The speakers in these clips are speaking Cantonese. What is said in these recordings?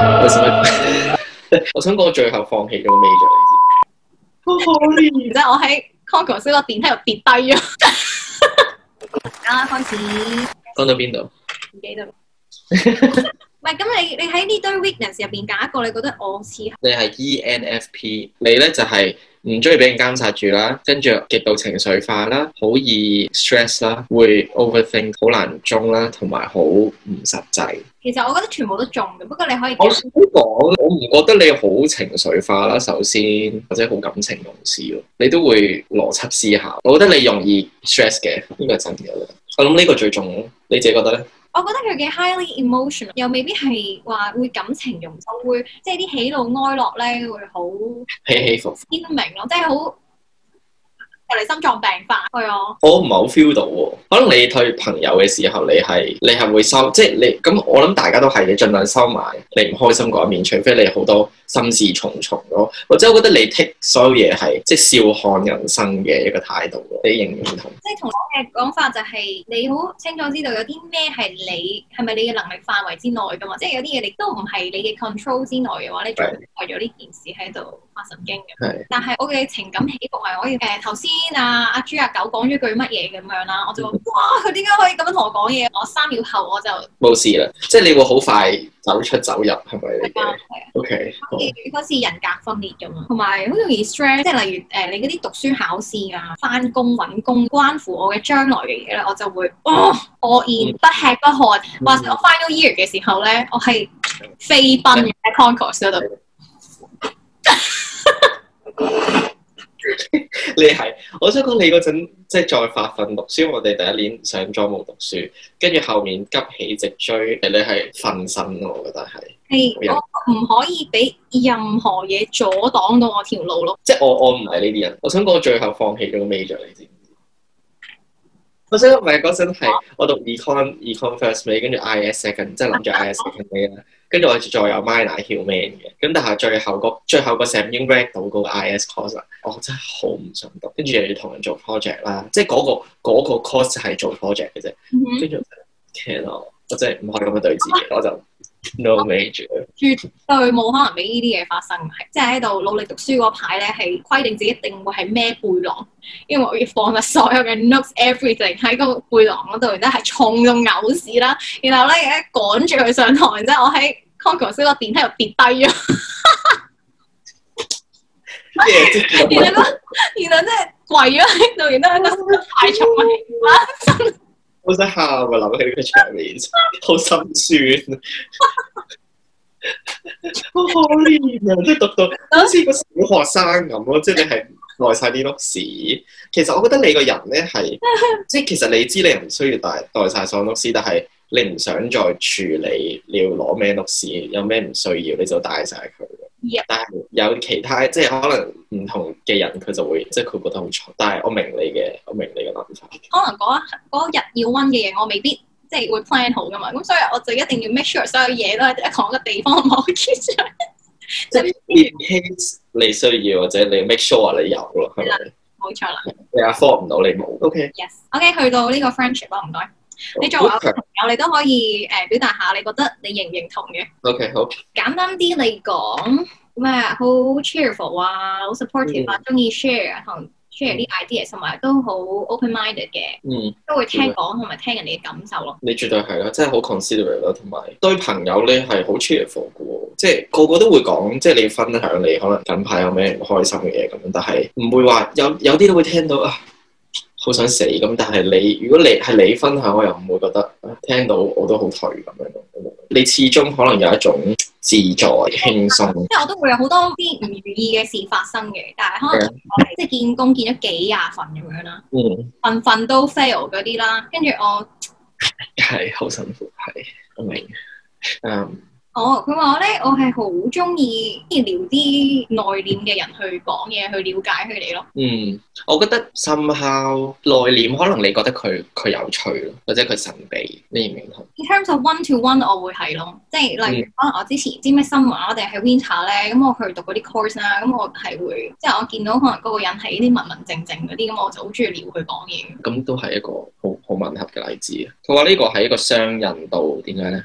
我想講，最後放棄咗未？咋好可憐！即係我喺 Concourse 個電梯度跌低咗。啱 啱開始，講到邊度？唔記得啦。唔 係， 咁你你喺呢堆 weakness 入邊揀一個，你覺得我似？你係 ENFP，你咧就係、是。唔中意俾人監察住啦，跟住極度情緒化啦，好易 stress 啦，會 overthink，好難中啦，同埋好唔實際。其實我覺得全部都中嘅，不過你可以講。我想講，我唔覺得你好情緒化啦，首先或者好感情用事，你都會邏輯思考。我覺得你容易 stress 嘅，呢個係真嘅。我諗呢個最重，你自己覺得呢？我覺得佢嘅 highly emotional，又未必係話會感情用事，會即係啲喜怒哀樂咧會好起起伏鮮明咯，即係好我哋心臟病發，係啊，我唔係好 feel 到喎、啊。可能你對朋友嘅時候你，你係你係會收，即係你咁。我諗大家都係嘅，儘量收埋你唔開心嗰一面，除非你好多心事重重咯。或者我覺得你剔所有嘢係即係笑看人生嘅一個態度，你認唔認同？即係同我嘅講法就係、是，你好清楚知道有啲咩係你係咪你嘅能力範圍之內㗎嘛？即係有啲嘢你都唔係你嘅 control 之內嘅話，你仲為咗呢件事喺度發神經嘅？的但係我嘅情感起伏係可以嘅。頭先、呃、啊阿豬阿狗講咗句乜嘢咁樣啦，我就。 哇！佢點解可以咁樣同我講嘢？我三秒後我就冇事啦。即係你會好快走出走入，係咪？係啊，OK。好似人格分裂咁同埋好容易 stress。即係例如誒、呃，你嗰啲讀書考試啊、翻工揾工關乎我嘅將來嘅嘢咧，我就會哦，我然不吃不喝。或者、mm hmm. 我 final year 嘅時候咧，我係飛奔 concourse 度、mm。Hmm. 你係，我想講你嗰陣即係再發奮讀書。我哋第一年上咗冇讀書，跟住後面急起直追。你係瞓身咯，我覺得係。係 Hey,，我唔可以俾任何嘢阻擋到我條路咯。即係我我唔係呢啲人。我想講我最後放棄咗個 major，你知唔知？我想唔係嗰陣係我讀 econ，econ、e、first 尾跟住 is second，即係諗住 is second 尾 跟住我再有 minor human 嘅，咁但係最後個最後個 semester read 到個 IS course，我真係好唔想讀，跟住又要同人做 project 啦，即係嗰個嗰個 course 係做 project 嘅啫，跟住 can 我真係唔可以咁樣對自己，我就。no major，絕對冇可能俾呢啲嘢發生，係即係喺度努力讀書嗰排咧，係規定自己一定會係孭背囊，因為我要放晒所有嘅 notes，everything 喺個背囊嗰度，然之後係重到嘔屎啦，然後咧一趕住佢上堂。然之後我喺 Concourse 嗰個電梯度跌低咗，原來咧，然後即係跪咗喺度，然之後太重啦。我想喊啊！諗起呢個場面，好心酸，好 可憐啊！即係 讀到好似個小學生咁咯，即係你係耐晒啲碌屎。其實我覺得你個人咧係，即係其實你知你唔需要帶帶晒所有屎，但係你唔想再處理，你要攞咩碌屎？有咩唔需要你就帶晒佢。Yep. 但係有其他，即係可能唔同嘅人佢就會，即係佢覺得好錯。但係我明你嘅，我明你嘅諗法。可能嗰、嗰個、日要溫嘅嘢，我未必即係會 plan 好噶嘛。咁所以我就一定要 make sure 所有嘢都喺同一個地方唔好缺失。即係你需要或者你要 make sure 你有咯。冇錯啦。吧錯你 confirm 唔到你冇。O K yes。O K 去到呢個 friendship 咯，唔該。好你作為我朋友，你都可以誒、呃、表達下，你覺得你認唔認同嘅？OK，好簡單啲嚟講，咁好 cheerful 啊，好 supportive 啊，中意 share 同 share 啲 idea，同埋都好 open-minded 嘅，嗯，都會聽講同埋聽人哋嘅感受咯。你絕對係啦，即係好 considerate 啦，同埋對朋友咧係好 cheerful 嘅，即係個個都會講，即係你分享你可能近排有咩唔開心嘅嘢咁樣，但係唔會話有有啲都會聽到啊。好想死咁，但係你如果你係你分享，我又唔會覺得聽到我都好頹咁樣。你始終可能有一種自在輕鬆、嗯。即係我都會有好多啲唔如意嘅事發生嘅，但係可能我即係見工見咗幾廿份咁樣啦，份份都 fail 嗰啲啦，跟住我係好 辛苦，係我明。Um, 哦，佢話我咧，我係好中意聊啲內斂嘅人去講嘢，去了解佢哋咯。嗯，我覺得深刻內斂，可能你覺得佢佢有趣咯，或者佢神秘，你認唔認同？In terms of one to one，我會係咯，即係例如、嗯、可能我之前知咩新話，我哋喺 Winter 咧，咁、嗯、我去讀嗰啲 course 啦，咁、嗯、我係會即係我見到可能嗰個人係啲文文靜靜嗰啲，咁、嗯、我就好中意聊佢講嘢。咁都係一個好好吻合嘅例子啊！佢話呢個係一個雙刃刀，點解咧？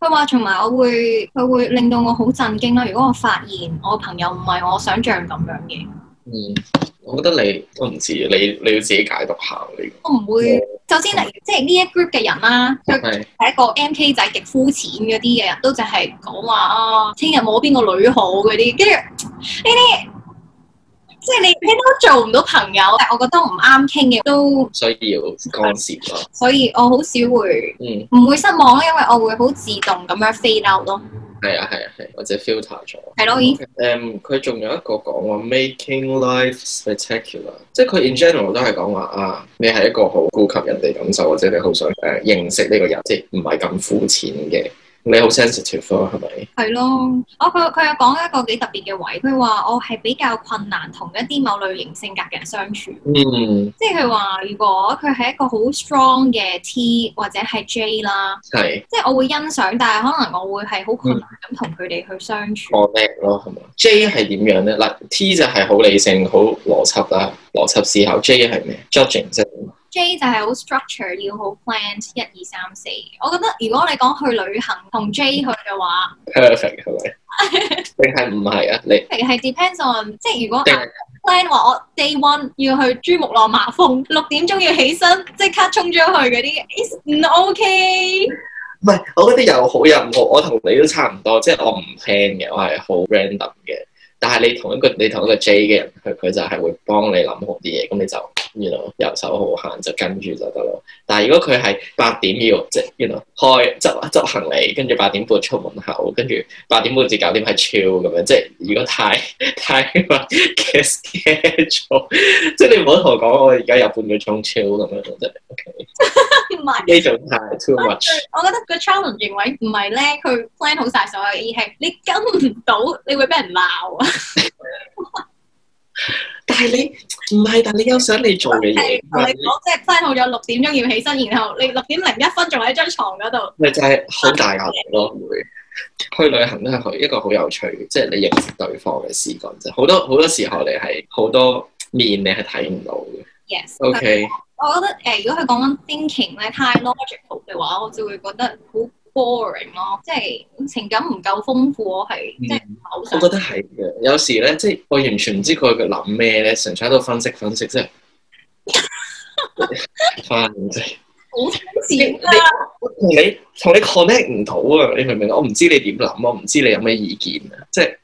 佢話，同埋我會，佢會令到我好震驚啦。如果我發現我朋友唔係我想象咁樣嘅，嗯，我覺得你，都唔似你你要自己解讀下你。我唔會，首、嗯、先嚟，嗯、即係呢一 group 嘅人啦，佢係、嗯、一個 MK 仔，極膚淺嗰啲嘅人都淨係講話啊，聽日冇邊個女好嗰啲，跟住呢啲。即係你，你都做唔到朋友，但我覺得唔啱傾嘅都需要干涉咯。所以我好少會，唔會失望咧，嗯、因為我會好自動咁樣 fade out 咯。係啊係啊係，或者 filter 咗。係咯、啊，以前，誒、啊，佢仲 Okay.、嗯、有一個講話 making life spectacular，即係佢 in general 都係講話啊，你係一個好顧及人哋感受，或者你好想誒、啊、認識呢個人，即係唔係咁膚淺嘅。你好 sensitive 咯，係咪？係咯，哦，佢佢有講一個幾特別嘅位，佢話我係比較困難同一啲某類型性格嘅人相處，嗯，即係佢話如果佢係一個好 strong 嘅 T 或者係 J 啦是，係，即係我會欣賞，但係可能我會係好困難咁同佢哋去相處。我叻咯，係咪？J 係點樣咧？嗱，T 就係好理性、好邏輯啊。邏輯思考。J 係咩？Judging，即係。J 就係好 structure，要好 plan，一二三四。我覺得如果你講去旅行同 J 去嘅話，perfect 係咪？定係唔係啊？你定係 depends on，即係如果 plan 話我 day one 要去珠穆朗瑪峰，六點鐘要起身，即刻衝咗去嗰啲，it's 唔 OK。唔係，我覺得又好又唔好，我同你都差唔多，即係我唔 plan 嘅，我係好 random 嘅。但係你同一個你同一個 J 嘅人，佢，佢就係會幫你諗好啲嘢，咁你就，原來遊手好閒就跟住就得咯。但係如果佢係八點要即係，原 you 來 know，開執啊執行李，跟住八點半出門口，跟住八點半至九點係超咁樣，即係如果太太嘅 schedule 即係你唔好同我講我而家有半個鐘超咁樣，真係 OK。 基就係 too much。我覺得個 challenge 認為唔係咧，佢 plan 好晒所有嘢，係你跟唔到，你會俾人鬧啊。 但係你唔係，但你又想你做嘅嘢。係我即 plan 好咗六點鐘要起身，然後你六點零一分仲喺張床嗰度。咪就係好大壓力咯。 會去旅行都係一個好有趣，即係你認識對方嘅視角啫。好多好多時候你，你係好多面你，你係睇唔到嘅。Yes。Okay. 我覺得誒、呃，如果佢講緊 thinking 咧太 logical 嘅話，我就會覺得好 boring 咯，即係情感唔夠豐富。我係即係我覺得係嘅。有時咧，即係我完全唔知佢佢諗咩咧，純粹喺度分析分析即 分析好賤啊！同你同你，你，你 connect 唔到啊！你明唔明？我唔知你點諗，我唔知你有咩意見啊？即係。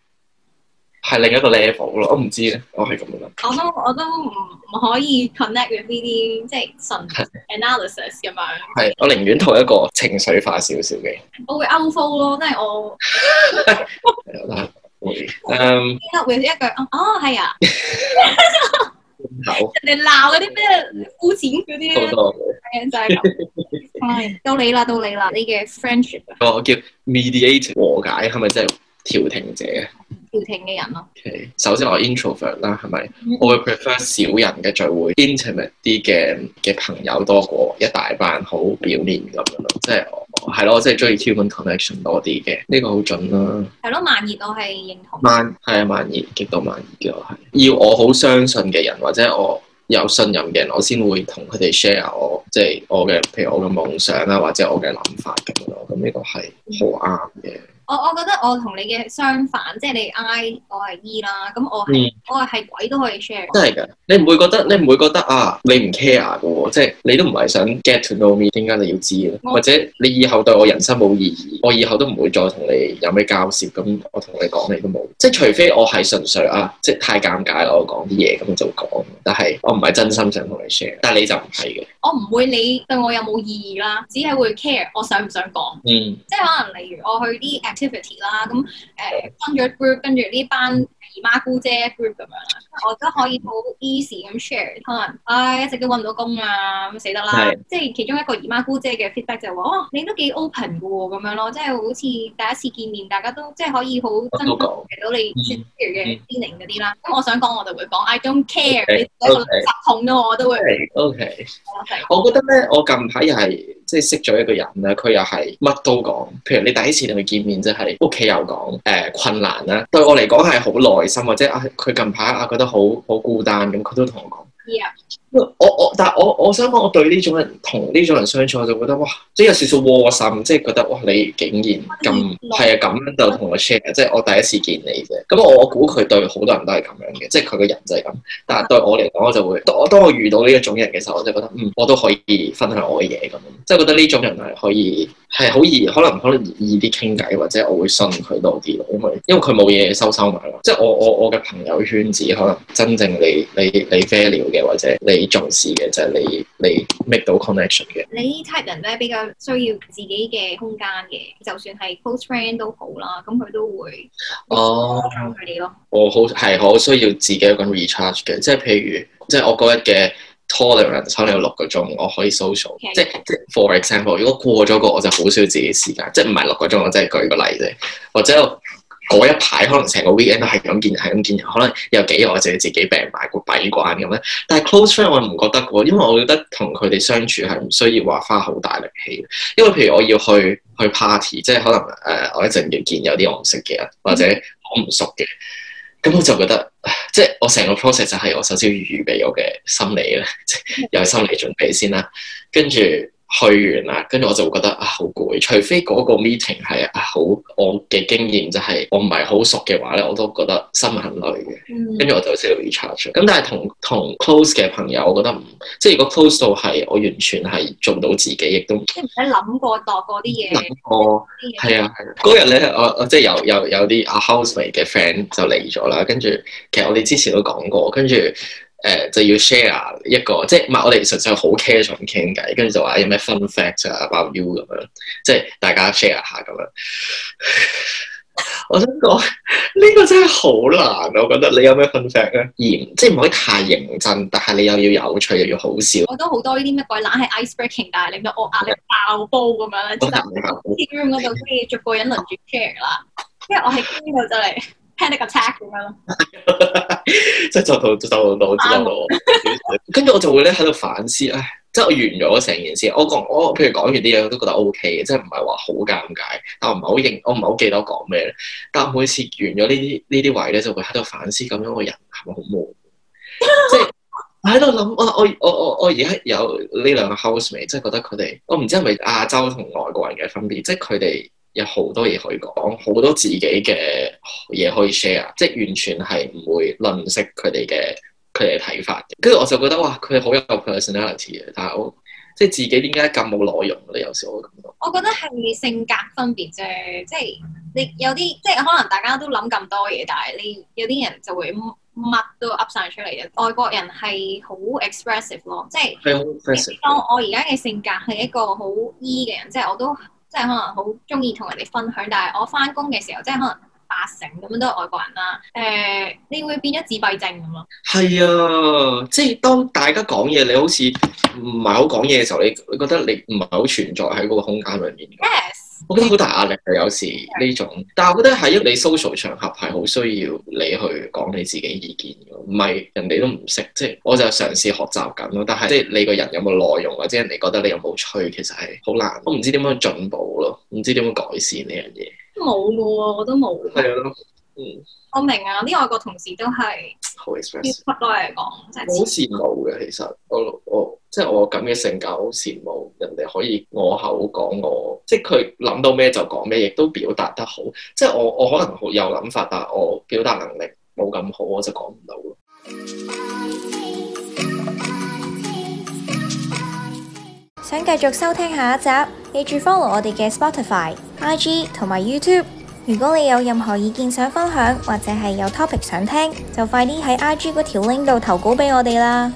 係另一個 level 咯，我唔知咧，我係咁樣諗。我都我都唔唔可以 connect with 呢啲即係分析 analysis 咁樣。係，我寧願睇一個情緒化少少嘅。我會 outflow 咯，即係我。係會。嗯。會一句。哦，係啊。人哋鬧嗰啲咩膚淺嗰啲好多。就係咁。到你啦，到你啦，你嘅 friendship。我叫 mediator 和解係咪即係調停者？嘅人咯。Okay. 首先我 introvert 啦，係咪、mm？Hmm. 我會 prefer 少人嘅聚會，intimate 啲嘅嘅朋友多過一大班好表面咁樣咯。即係係咯，我真係中意 human connection 多啲嘅。呢、這個好準啦，啊。係咯，慢熱我係認同。慢係啊，慢熱極度慢熱嘅，我係要我好相信嘅人，或者我有信任嘅人，我先會同佢哋 share 我即係我嘅，譬如我嘅夢想啊，或者我嘅諗法咁咯。咁呢個係好啱嘅。Mm hmm. 我我覺得我同你嘅相反，即係你 I 我係 E 啦，咁我、嗯、我係鬼都可以 share。真係㗎，你唔會覺得你唔會覺得啊，你唔 care 嘅喎，即係你都唔係想 get to know me，點解你要知我或者你以後對我人生冇意義，我以後都唔會再同你有咩交涉咁，我同你講你都冇。即係除非我係純粹啊，即係太尷尬啦，我講啲嘢咁就講，但係我唔係真心想同你 share，但係你就唔係嘅。我唔會理會你對我有冇意義啦，只係會 care 我想唔想講。嗯，即係可能例如我去啲 activity 啦，咁誒分咗 group，跟住呢班姨媽姑姐 group 咁樣，我都可以好 easy 咁 share。可能唉一直都搵唔到工啊，咁死得啦。即係其中一個姨媽姑姐嘅 feedback 就係話：哦，你都幾 open 嘅喎，咁樣咯，即係好似第一次見面，大家都即係可以好真睇到你專業嘅天靈嗰啲啦。咁我想講，我就會講：I don't care 你嗰個失控咯，我都會。OK，我覺得咧，我近排又係。即係識咗一個人啦，佢又係乜都講。譬如你第一次同佢見面，即係屋企又講誒、呃、困難啦，對我嚟講係好耐心，或者啊佢近排啊覺得好好孤單咁，佢都同我講。Yeah. 我但我但係我我想講，我對呢種人同呢種人相處，我就覺得哇，即係有少少窩心，即係覺得哇，你竟然咁係啊咁就同我 share，即係我第一次見你啫。咁我估佢對好多人都係咁樣嘅，即係佢個人就係咁。但係對我嚟講，我就會我當我遇到呢一種人嘅時候，我就覺得嗯，我都可以分享我嘅嘢，咁，即係覺得呢種人係可以係好易，可能可能易啲傾偈，或者我會信佢多啲咯。因為因為佢冇嘢收收埋，即係我我我嘅朋友圈子可能真正你你你 fell 了嘅或者你。重視嘅就係你你 make 到 connection 嘅。你 type 人咧，比較需要自己嘅空間嘅，就算係 close friend 都好啦，咁佢都會哦佢哋咯。我好係我需要自己一個 recharge 嘅，即係譬如即係我嗰日嘅 tolerance 可能有六個鐘，我可以 social，Okay. 即係即係 for example，如果過咗個我就好少自己時間，即係唔係六個鐘，我真係舉個例啫，或者。嗰一排可能成個 weekend 都係咁見人，係咁見人，可能有幾耐就要自己病埋個閉關咁咧。但係 close friend 我唔覺得嘅喎，因為我覺得同佢哋相處係唔需要話花好大力氣。因為譬如我要去去 party，即係可能誒、呃、我一陣要見有啲我唔識嘅人，或者我唔熟嘅，咁我就覺得、呃、即係我成個 process 就係我首先要預備我嘅心理咧，即係又係心理準備先啦，跟住。去完啦，跟住我就會覺得啊好攰，除非嗰個 meeting 係啊好，我嘅經驗就係我唔係好熟嘅話咧，我都覺得心很累嘅。跟住我就要 charge 咁，但係同同 close 嘅朋友，我覺得唔即係如果 close 到係我完全係做到自己，亦都即係唔使諗過度嗰啲嘢。諗過，過啊，嗰日咧我，我即係有有有啲 housemate 嘅 friend 就嚟咗啦，跟住其實我哋之前都講過，跟住。誒、uh, 就要 share 一個，即係唔係我哋純粹好 casual 傾偈，跟住就話有咩 fun fact 啊 about you 咁樣，即係大家 share 下咁樣。我想講呢、這個真係好難啊！我覺得你有咩 fun fact 咧？而即係唔可以太認真，但係你又要有趣又要好笑。我都好多呢啲咩鬼懶係 ice breaking，但係令到我壓力爆煲咁樣。team room 可以逐個人輪住 share 啦，因為我係 team 到真係、就，是 plan 一個咁樣咯，即係就到，就到，到到我，跟住 我就會咧喺度反思，唉，即係我完咗成件事，我講我譬如講完啲嘢，我都覺得 OK 嘅，即係唔係話好尷尬，但我唔係好認，我唔係好記得講咩，但每次完咗呢啲呢啲位咧，就會喺度反思，咁樣個人係咪好悶？即係喺度諗，我我我我而家有呢兩個 housemate？即係覺得佢哋，我唔知係咪亞洲同外國人嘅分別，即係佢哋。有好多嘢可以講，好多自己嘅嘢可以 share，即係完全係唔會吝嗇佢哋嘅佢哋嘅睇法嘅。跟住我就覺得哇，佢哋好有 personality 嘅。但係我即係自己點解咁冇內容？你有時候我會咁講。我覺得係性格分別啫，即係你有啲即係可能大家都諗咁多嘢，但係你有啲人就會乜都 up 晒出嚟嘅。外國人係好 expressive 咯，ex 即係當我而家嘅性格係一個好 e 嘅人，即係我都。即係可能好中意同人哋分享，但係我翻工嘅時候，即係可能八成咁樣都係外國人啦。誒、欸，你會變咗自閉症咁咯？係啊，即係當大家講嘢，你好似唔係好講嘢嘅時候，你你覺得你唔係好存在喺嗰個空間裏面嘅。我覺得好大壓力啊，有時呢種，但係我覺得喺你 social 場合係好需要你去講你自己意見嘅，唔係人哋都唔識，即係我就嘗試學習緊咯。但係即係你個人有冇內容，或者人哋覺得你有冇趣，其實係好難，我唔知點樣進步咯，唔知點樣改善呢樣嘢。冇嘅啊，我都冇。係啊，嗯，我明啊，啲外國同事都係 ex 好 express，好多嘢講，即係好羨慕嘅。其實我我，我即係我咁嘅性格，好羨慕。人哋可以我口講我，即係佢諗到咩就講咩，亦都表達得好。即係我我可能好有諗法，但我表達能力冇咁好，我就講唔到咯。想繼續收聽下一集，記住 follow 我哋嘅 Spotify、IG 同埋 YouTube。如果你有任何意見想分享，或者係有 topic 想聽，就快啲喺 IG 嗰條 link 度投稿俾我哋啦。